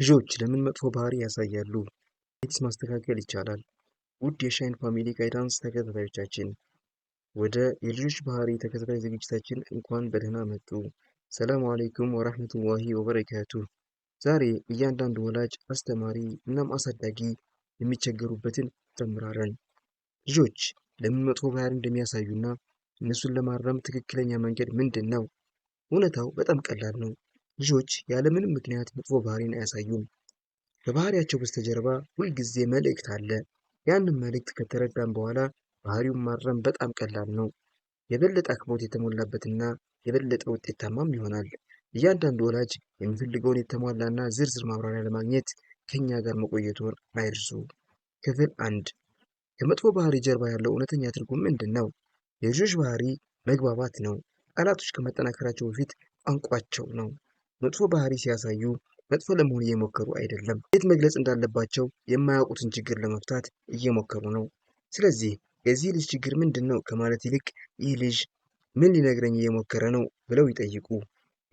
ልጆች ለምን መጥፎ ባህሪ ያሳያሉ? እንዴትስ ማስተካከል ይቻላል? ውድ የሻይን ፋሚሊ ጋይዳንስ ተከታታዮቻችን ወደ የልጆች ባህሪ ተከታታይ ዝግጅታችን እንኳን በደህና መጡ። ሰላም አለይኩም ወራህመቱላሂ ወበረካቱ። ዛሬ እያንዳንዱ ወላጅ፣ አስተማሪ እናም አሳዳጊ የሚቸገሩበትን እንጨምራለን። ልጆች ለምን መጥፎ ባህሪ እንደሚያሳዩና እነሱን ለማረም ትክክለኛ መንገድ ምንድን ነው? እውነታው በጣም ቀላል ነው። ልጆች ያለምንም ምክንያት መጥፎ ባህሪን አያሳዩም። በባህሪያቸው በስተጀርባ ሁልጊዜ መልእክት አለ። ያንን መልእክት ከተረዳን በኋላ ባህሪውን ማረም በጣም ቀላል ነው። የበለጠ አክብሮት የተሞላበትና የበለጠ ውጤታማም ይሆናል። እያንዳንዱ ወላጅ የሚፈልገውን የተሟላና ዝርዝር ማብራሪያ ለማግኘት ከኛ ጋር መቆየቱን አይርሱ። ክፍል አንድ ከመጥፎ ባህሪ ጀርባ ያለው እውነተኛ ትርጉም ምንድን ነው? የልጆች ባህሪ መግባባት ነው። ቃላቶች ከመጠናከራቸው በፊት ቋንቋቸው ነው። መጥፎ ባህሪ ሲያሳዩ መጥፎ ለመሆን እየሞከሩ አይደለም። እንዴት መግለጽ እንዳለባቸው የማያውቁትን ችግር ለመፍታት እየሞከሩ ነው። ስለዚህ የዚህ ልጅ ችግር ምንድን ነው ከማለት ይልቅ ይህ ልጅ ምን ሊነግረኝ እየሞከረ ነው ብለው ይጠይቁ።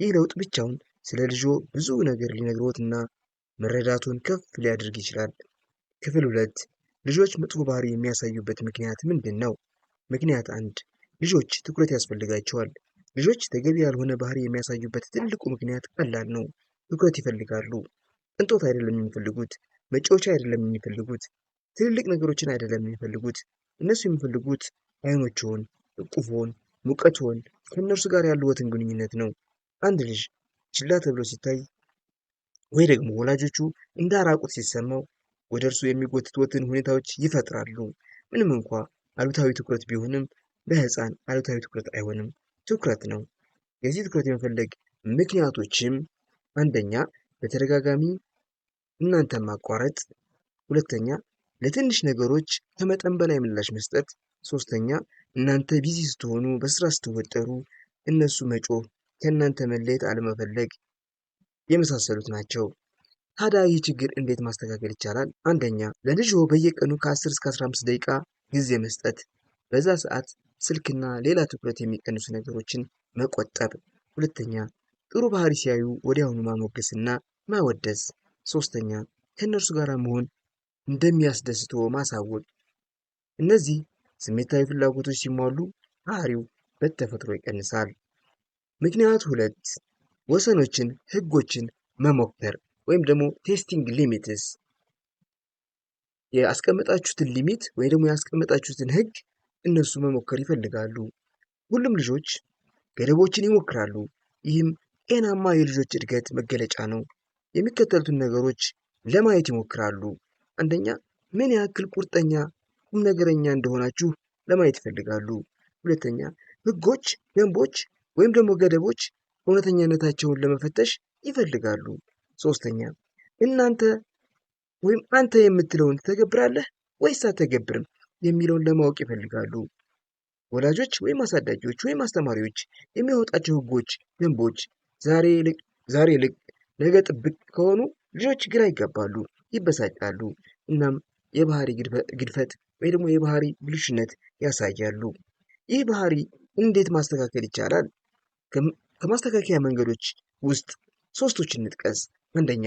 ይህ ለውጥ ብቻውን ስለ ልጆ ብዙ ነገር ሊነግሮትና መረዳቱን ከፍ ሊያደርግ ይችላል። ክፍል ሁለት ልጆች መጥፎ ባህሪ የሚያሳዩበት ምክንያት ምንድን ነው? ምክንያት አንድ ልጆች ትኩረት ያስፈልጋቸዋል። ልጆች ተገቢ ያልሆነ ባህሪ የሚያሳዩበት ትልቁ ምክንያት ቀላል ነው። ትኩረት ይፈልጋሉ። ቅንጦት አይደለም የሚፈልጉት፣ መጫወቻ አይደለም የሚፈልጉት፣ ትልልቅ ነገሮችን አይደለም የሚፈልጉት። እነሱ የሚፈልጉት አይኖችዎን፣ እቁፎን፣ ሙቀትዎን፣ ከእነርሱ ጋር ያለዎትን ግንኙነት ነው። አንድ ልጅ ችላ ተብሎ ሲታይ ወይ ደግሞ ወላጆቹ እንዳራቁት ሲሰማው ወደ እርሱ የሚጎትቱትን ሁኔታዎች ይፈጥራሉ። ምንም እንኳ አሉታዊ ትኩረት ቢሆንም በህፃን አሉታዊ ትኩረት አይሆንም። ትኩረት ነው። የዚህ ትኩረት የመፈለግ ምክንያቶችም አንደኛ በተደጋጋሚ እናንተ ማቋረጥ፣ ሁለተኛ ለትንሽ ነገሮች ከመጠን በላይ ምላሽ መስጠት፣ ሶስተኛ እናንተ ቢዚ ስትሆኑ በስራ ስትወጠሩ እነሱ መጮህ፣ ከእናንተ መለየት አለመፈለግ የመሳሰሉት ናቸው። ታዲያ ይህ ችግር እንዴት ማስተካከል ይቻላል? አንደኛ ለልጅዎ በየቀኑ ከ10 እስከ 15 ደቂቃ ጊዜ መስጠት። በዛ ሰዓት ስልክና ሌላ ትኩረት የሚቀንሱ ነገሮችን መቆጠብ። ሁለተኛ፣ ጥሩ ባህሪ ሲያዩ ወዲያውኑ ማሞገስና ማወደስ። ሶስተኛ፣ ከእነርሱ ጋር መሆን እንደሚያስደስቶ ማሳወቅ። እነዚህ ስሜታዊ ፍላጎቶች ሲሟሉ ባህሪው በተፈጥሮ ይቀንሳል። ምክንያት ሁለት ወሰኖችን፣ ህጎችን መሞከር ወይም ደግሞ ቴስቲንግ ሊሚትስ። የአስቀመጣችሁትን ሊሚት ወይ ደግሞ ያስቀመጣችሁትን ህግ እነሱ መሞከር ይፈልጋሉ። ሁሉም ልጆች ገደቦችን ይሞክራሉ። ይህም ጤናማ የልጆች እድገት መገለጫ ነው። የሚከተሉትን ነገሮች ለማየት ይሞክራሉ። አንደኛ፣ ምን ያክል ቁርጠኛ ቁም ነገረኛ እንደሆናችሁ ለማየት ይፈልጋሉ። ሁለተኛ፣ ህጎች፣ ደንቦች ወይም ደግሞ ገደቦች እውነተኛነታቸውን ለመፈተሽ ይፈልጋሉ። ሶስተኛ፣ እናንተ ወይም አንተ የምትለውን ትተገብራለህ ወይስ አትተገብርም የሚለውን ለማወቅ ይፈልጋሉ። ወላጆች ወይም አሳዳጊዎች ወይም አስተማሪዎች የሚያወጣቸው ህጎች፣ ደንቦች ዛሬ ልቅ ነገ ጥብቅ ከሆኑ ልጆች ግራ ይጋባሉ፣ ይበሳጫሉ። እናም የባህሪ ግድፈት ወይ ደግሞ የባህሪ ብልሽነት ያሳያሉ። ይህ ባህሪ እንዴት ማስተካከል ይቻላል? ከማስተካከያ መንገዶች ውስጥ ሶስቶችን እንጥቀስ። አንደኛ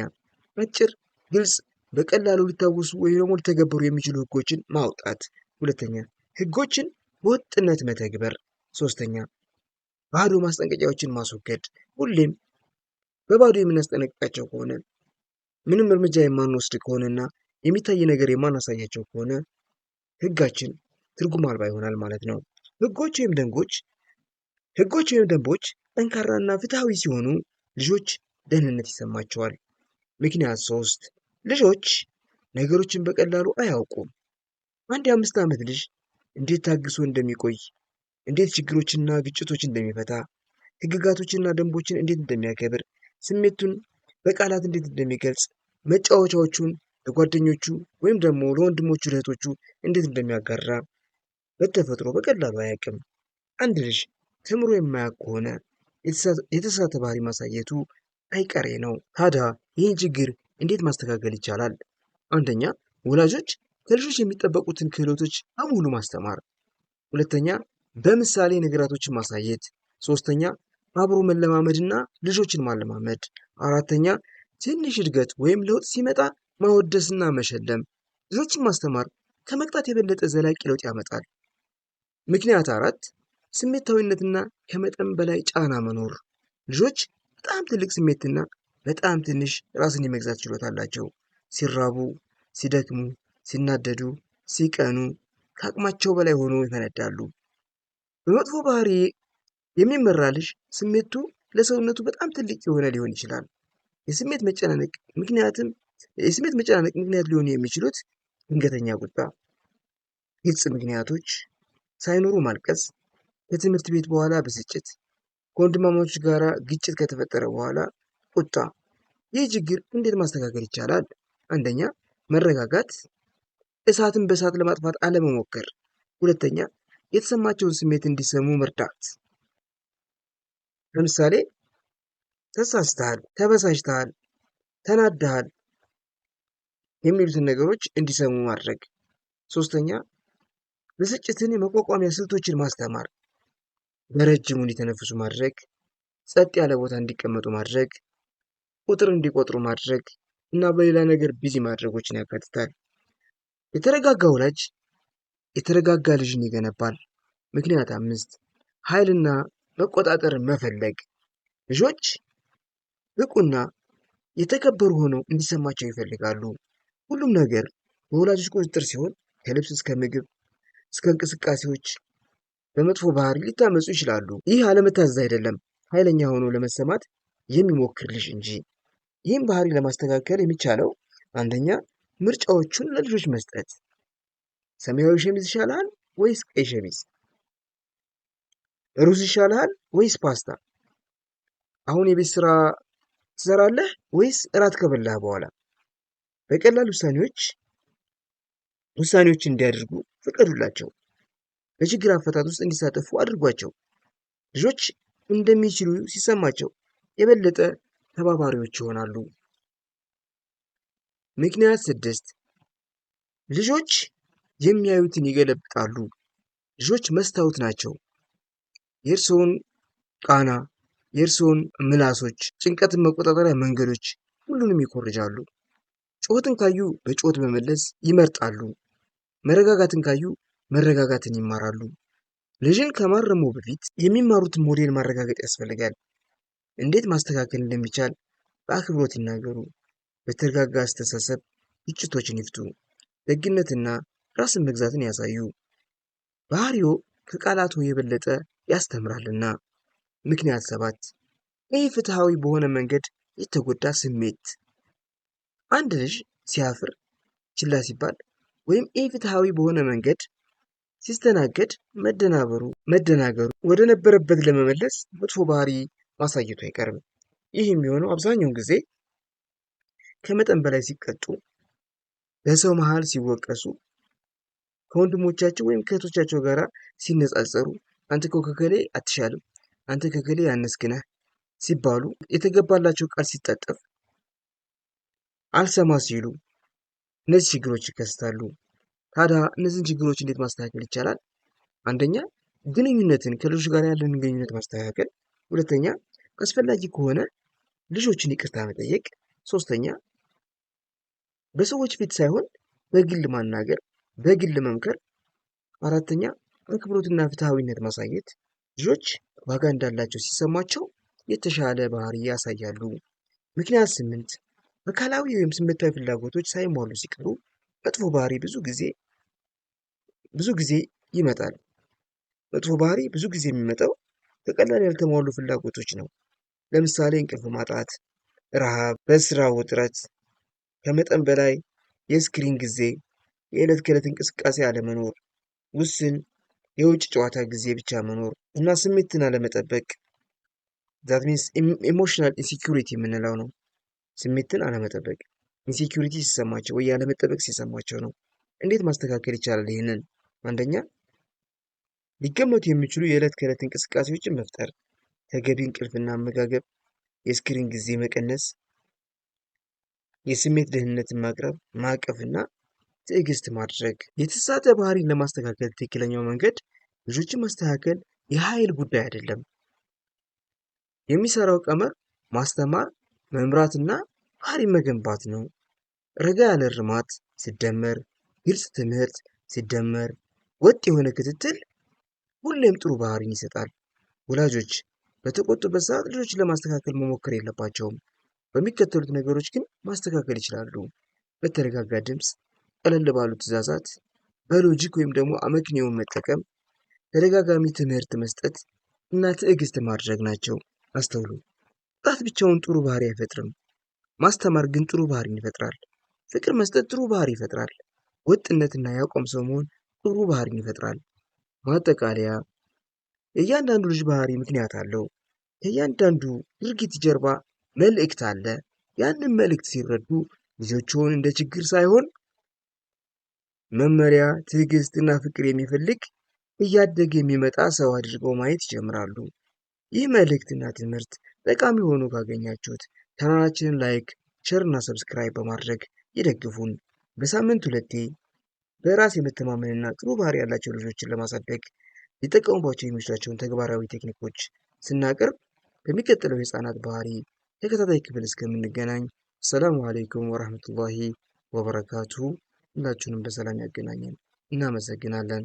አጭር፣ ግልጽ በቀላሉ ሊታወሱ ወይ ደግሞ ሊተገበሩ የሚችሉ ህጎችን ማውጣት፣ ሁለተኛ ህጎችን በወጥነት መተግበር፣ ሶስተኛ ባዶ ማስጠንቀቂያዎችን ማስወገድ። ሁሌም በባዶ የምናስጠነቅቃቸው ከሆነ ምንም እርምጃ የማንወስድ ከሆነና የሚታይ ነገር የማናሳያቸው ከሆነ ህጋችን ትርጉም አልባ ይሆናል ማለት ነው። ህጎች ወይም ደንቦች ህጎች ወይም ደንቦች ጠንካራና ፍትሐዊ ሲሆኑ ልጆች ደህንነት ይሰማቸዋል። ምክንያት ሶስት ልጆች ነገሮችን በቀላሉ አያውቁም። አንድ የአምስት ዓመት ልጅ እንዴት ታግሶ እንደሚቆይ፣ እንዴት ችግሮችና ግጭቶች እንደሚፈታ፣ ህግጋቶችና ደንቦችን እንዴት እንደሚያከብር፣ ስሜቱን በቃላት እንዴት እንደሚገልጽ፣ መጫወቻዎቹን ለጓደኞቹ ወይም ደግሞ ለወንድሞቹ እህቶቹ እንዴት እንደሚያጋራ በተፈጥሮ በቀላሉ አያውቅም። አንድ ልጅ ተምሮ የማያውቅ ከሆነ የተሳተ ባህሪ ማሳየቱ አይቀሬ ነው። ታዲያ ይህን ችግር እንዴት ማስተካከል ይቻላል? አንደኛ ወላጆች ከልጆች የሚጠበቁትን ክህሎቶች በሙሉ ማስተማር፣ ሁለተኛ በምሳሌ ነገራቶችን ማሳየት፣ ሶስተኛ አብሮ መለማመድና ልጆችን ማለማመድ፣ አራተኛ ትንሽ እድገት ወይም ለውጥ ሲመጣ ማወደስና መሸለም። ልጆችን ማስተማር ከመቅጣት የበለጠ ዘላቂ ለውጥ ያመጣል። ምክንያት አራት ስሜታዊነትና ከመጠን በላይ ጫና መኖር ልጆች በጣም ትልቅ ስሜትና በጣም ትንሽ ራስን የመግዛት ችሎታ አላቸው። ሲራቡ፣ ሲደክሙ፣ ሲናደዱ፣ ሲቀኑ ከአቅማቸው በላይ ሆኖ ይፈነዳሉ። በመጥፎ ባህሪ የሚመራ ልጅ ስሜቱ ለሰውነቱ በጣም ትልቅ የሆነ ሊሆን ይችላል። የስሜት መጨናነቅ ምክንያትም የስሜት መጨናነቅ ምክንያት ሊሆኑ የሚችሉት ድንገተኛ ቁጣ፣ ግልጽ ምክንያቶች ሳይኖሩ ማልቀስ፣ ከትምህርት ቤት በኋላ ብስጭት፣ ከወንድማማቾች ጋራ ግጭት ከተፈጠረ በኋላ ቁጣ ይህ ችግር እንዴት ማስተካከል ይቻላል? አንደኛ መረጋጋት፣ እሳትን በእሳት ለማጥፋት አለመሞከር። ሁለተኛ የተሰማቸውን ስሜት እንዲሰሙ መርዳት። ለምሳሌ ተሳስተሃል፣ ተበሳጭተሃል፣ ተናድሃል የሚሉትን ነገሮች እንዲሰሙ ማድረግ። ሶስተኛ ብስጭትን የመቋቋሚያ ስልቶችን ማስተማር፣ በረጅሙ እንዲተነፍሱ ማድረግ፣ ጸጥ ያለ ቦታ እንዲቀመጡ ማድረግ ቁጥር እንዲቆጥሩ ማድረግ እና በሌላ ነገር ቢዚ ማድረጎችን ያካትታል። የተረጋጋ ወላጅ የተረጋጋ ልጅን ይገነባል። ምክንያት አምስት ኃይልና መቆጣጠር መፈለግ ልጆች ብቁና የተከበሩ ሆነው እንዲሰማቸው ይፈልጋሉ። ሁሉም ነገር በወላጆች ቁጥጥር ሲሆን ከልብስ እስከ ምግብ እስከ እንቅስቃሴዎች በመጥፎ ባህሪ ሊታመፁ ይችላሉ። ይህ አለመታዘዝ አይደለም፣ ኃይለኛ ሆኖ ለመሰማት የሚሞክር ልጅ እንጂ ይህም ባህሪ ለማስተካከል የሚቻለው አንደኛ ምርጫዎቹን ለልጆች መስጠት። ሰማያዊ ሸሚዝ ይሻልሃል ወይስ ቀይ ሸሚዝ? ሩዝ ይሻልሃል ወይስ ፓስታ? አሁን የቤት ስራ ትሰራለህ ወይስ እራት ከበላህ በኋላ? በቀላል ውሳኔዎች ውሳኔዎች እንዲያደርጉ ፍቀዱላቸው። በችግር አፈታት ውስጥ እንዲሳተፉ አድርጓቸው። ልጆች እንደሚችሉ ሲሰማቸው የበለጠ ተባባሪዎች ይሆናሉ። ምክንያት ስድስት ልጆች የሚያዩትን ይገለብጣሉ። ልጆች መስታወት ናቸው። የእርስዎን ቃና፣ የእርስዎን ምላሶች፣ ጭንቀትን መቆጣጠሪያ መንገዶች ሁሉንም ይኮርጃሉ። ጩኸትን ካዩ በጩኸት መመለስ ይመርጣሉ። መረጋጋትን ካዩ መረጋጋትን ይማራሉ። ልጅን ከማረሙ በፊት የሚማሩትን ሞዴል ማረጋገጥ ያስፈልጋል። እንዴት ማስተካከል እንደሚቻል በአክብሮት ይናገሩ። በተረጋጋ አስተሳሰብ ግጭቶችን ይፍቱ። ደግነትና ራስን መግዛትን ያሳዩ። ባህሪዎ ከቃላቱ የበለጠ ያስተምራልና። ምክንያት ሰባት ፍትሐዊ በሆነ መንገድ የተጎዳ ስሜት። አንድ ልጅ ሲያፍር፣ ችላ ሲባል ወይም ፍትሐዊ በሆነ መንገድ ሲስተናገድ መደናበሩ መደናገሩ ወደ ነበረበት ለመመለስ መጥፎ ባህሪ ማሳየቱ አይቀርም። ይህ የሚሆነው አብዛኛውን ጊዜ ከመጠን በላይ ሲቀጡ፣ በሰው መሃል ሲወቀሱ፣ ከወንድሞቻቸው ወይም ከእህቶቻቸው ጋር ሲነጻጸሩ፣ አንተ ከከከሌ አትሻልም፣ አንተ ከከሌ ያነስክነህ ሲባሉ፣ የተገባላቸው ቃል ሲጣጠፍ፣ አልሰማ ሲሉ እነዚህ ችግሮች ይከሰታሉ። ታዲያ እነዚህን ችግሮች እንዴት ማስተካከል ይቻላል? አንደኛ ግንኙነትን ከልጆች ጋር ያለን ግንኙነት ማስተካከል ሁለተኛ አስፈላጊ ከሆነ ልጆችን ይቅርታ መጠየቅ፣ ሶስተኛ በሰዎች ፊት ሳይሆን በግል ማናገር፣ በግል መምከር፣ አራተኛ አክብሮትና ፍትሐዊነት ማሳየት። ልጆች ዋጋ እንዳላቸው ሲሰማቸው የተሻለ ባህሪ ያሳያሉ። ምክንያት ስምንት አካላዊ ወይም ስሜታዊ ፍላጎቶች ሳይሟሉ ሲቀሩ መጥፎ ባህሪ ብዙ ጊዜ ብዙ ጊዜ ይመጣል። መጥፎ ባህሪ ብዙ ጊዜ የሚመጣው በቀላል ያልተሟሉ ፍላጎቶች ነው። ለምሳሌ እንቅልፍ ማጣት፣ ረሃብ፣ በስራ ውጥረት፣ ከመጠን በላይ የስክሪን ጊዜ፣ የዕለት ከዕለት እንቅስቃሴ አለመኖር፣ ውስን የውጭ ጨዋታ ጊዜ ብቻ መኖር እና ስሜትን አለመጠበቅ ዛት ሚንስ ኢሞሽናል ኢንሴኪሪቲ የምንለው ነው። ስሜትን አለመጠበቅ ኢንሴኪሪቲ ሲሰማቸው ወይ ያለመጠበቅ ሲሰማቸው ነው። እንዴት ማስተካከል ይቻላል? ይህንን አንደኛ ሊገመቱ የሚችሉ የዕለት ከዕለት እንቅስቃሴዎችን መፍጠር፣ ተገቢ እንቅልፍና አመጋገብ፣ የስክሪን ጊዜ መቀነስ፣ የስሜት ደህንነትን ማቅረብ ማቀፍና ትዕግስት ማድረግ። የተሳተ ባህሪን ለማስተካከል ትክክለኛው መንገድ ልጆችን ማስተካከል የኃይል ጉዳይ አይደለም። የሚሰራው ቀመር ማስተማር፣ መምራትና ባህሪ መገንባት ነው። ረጋ ያለ እርማት ሲደመር ግልጽ ትምህርት ሲደመር ወጥ የሆነ ክትትል ሁሌም ጥሩ ባህሪን ይሰጣል። ወላጆች በተቆጡበት ሰዓት ልጆችን ለማስተካከል መሞከር የለባቸውም። በሚከተሉት ነገሮች ግን ማስተካከል ይችላሉ። በተረጋጋ ድምፅ፣ ቀለል ባሉ ትዕዛዛት፣ በሎጂክ ወይም ደግሞ አመክንዮውን መጠቀም፣ ተደጋጋሚ ትምህርት መስጠት እና ትዕግስት ማድረግ ናቸው። አስተውሉ፣ ቅጣት ብቻውን ጥሩ ባህሪ አይፈጥርም። ማስተማር ግን ጥሩ ባህሪን ይፈጥራል። ፍቅር መስጠት ጥሩ ባህሪ ይፈጥራል። ወጥነትና ያቆም ሰው መሆን ጥሩ ባህሪን ይፈጥራል። ማጠቃለያ የእያንዳንዱ ልጅ ባህሪ ምክንያት አለው። ከእያንዳንዱ ድርጊት ጀርባ መልእክት አለ። ያንን መልእክት ሲረዱ ልጆችዎን እንደ ችግር ሳይሆን መመሪያ፣ ትዕግስትና ፍቅር የሚፈልግ እያደገ የሚመጣ ሰው አድርገው ማየት ይጀምራሉ። ይህ መልእክትና ትምህርት ጠቃሚ ሆኖ ካገኛችሁት ቻናላችንን ላይክ፣ ሸርና ሰብስክራይብ በማድረግ ይደግፉን። በሳምንት ሁለቴ በራስ የመተማመንና ጥሩ ባህሪ ያላቸው ልጆችን ለማሳደግ ሊጠቀሙባቸው የሚችሏቸውን ተግባራዊ ቴክኒኮች ስናቀርብ በሚቀጥለው የህፃናት ባህሪ ተከታታይ ክፍል እስከምንገናኝ አሰላሙ አሌይኩም ወረህመቱላሂ ወበረካቱሁ። ሁላችሁንም በሰላም ያገናኘን። እናመሰግናለን።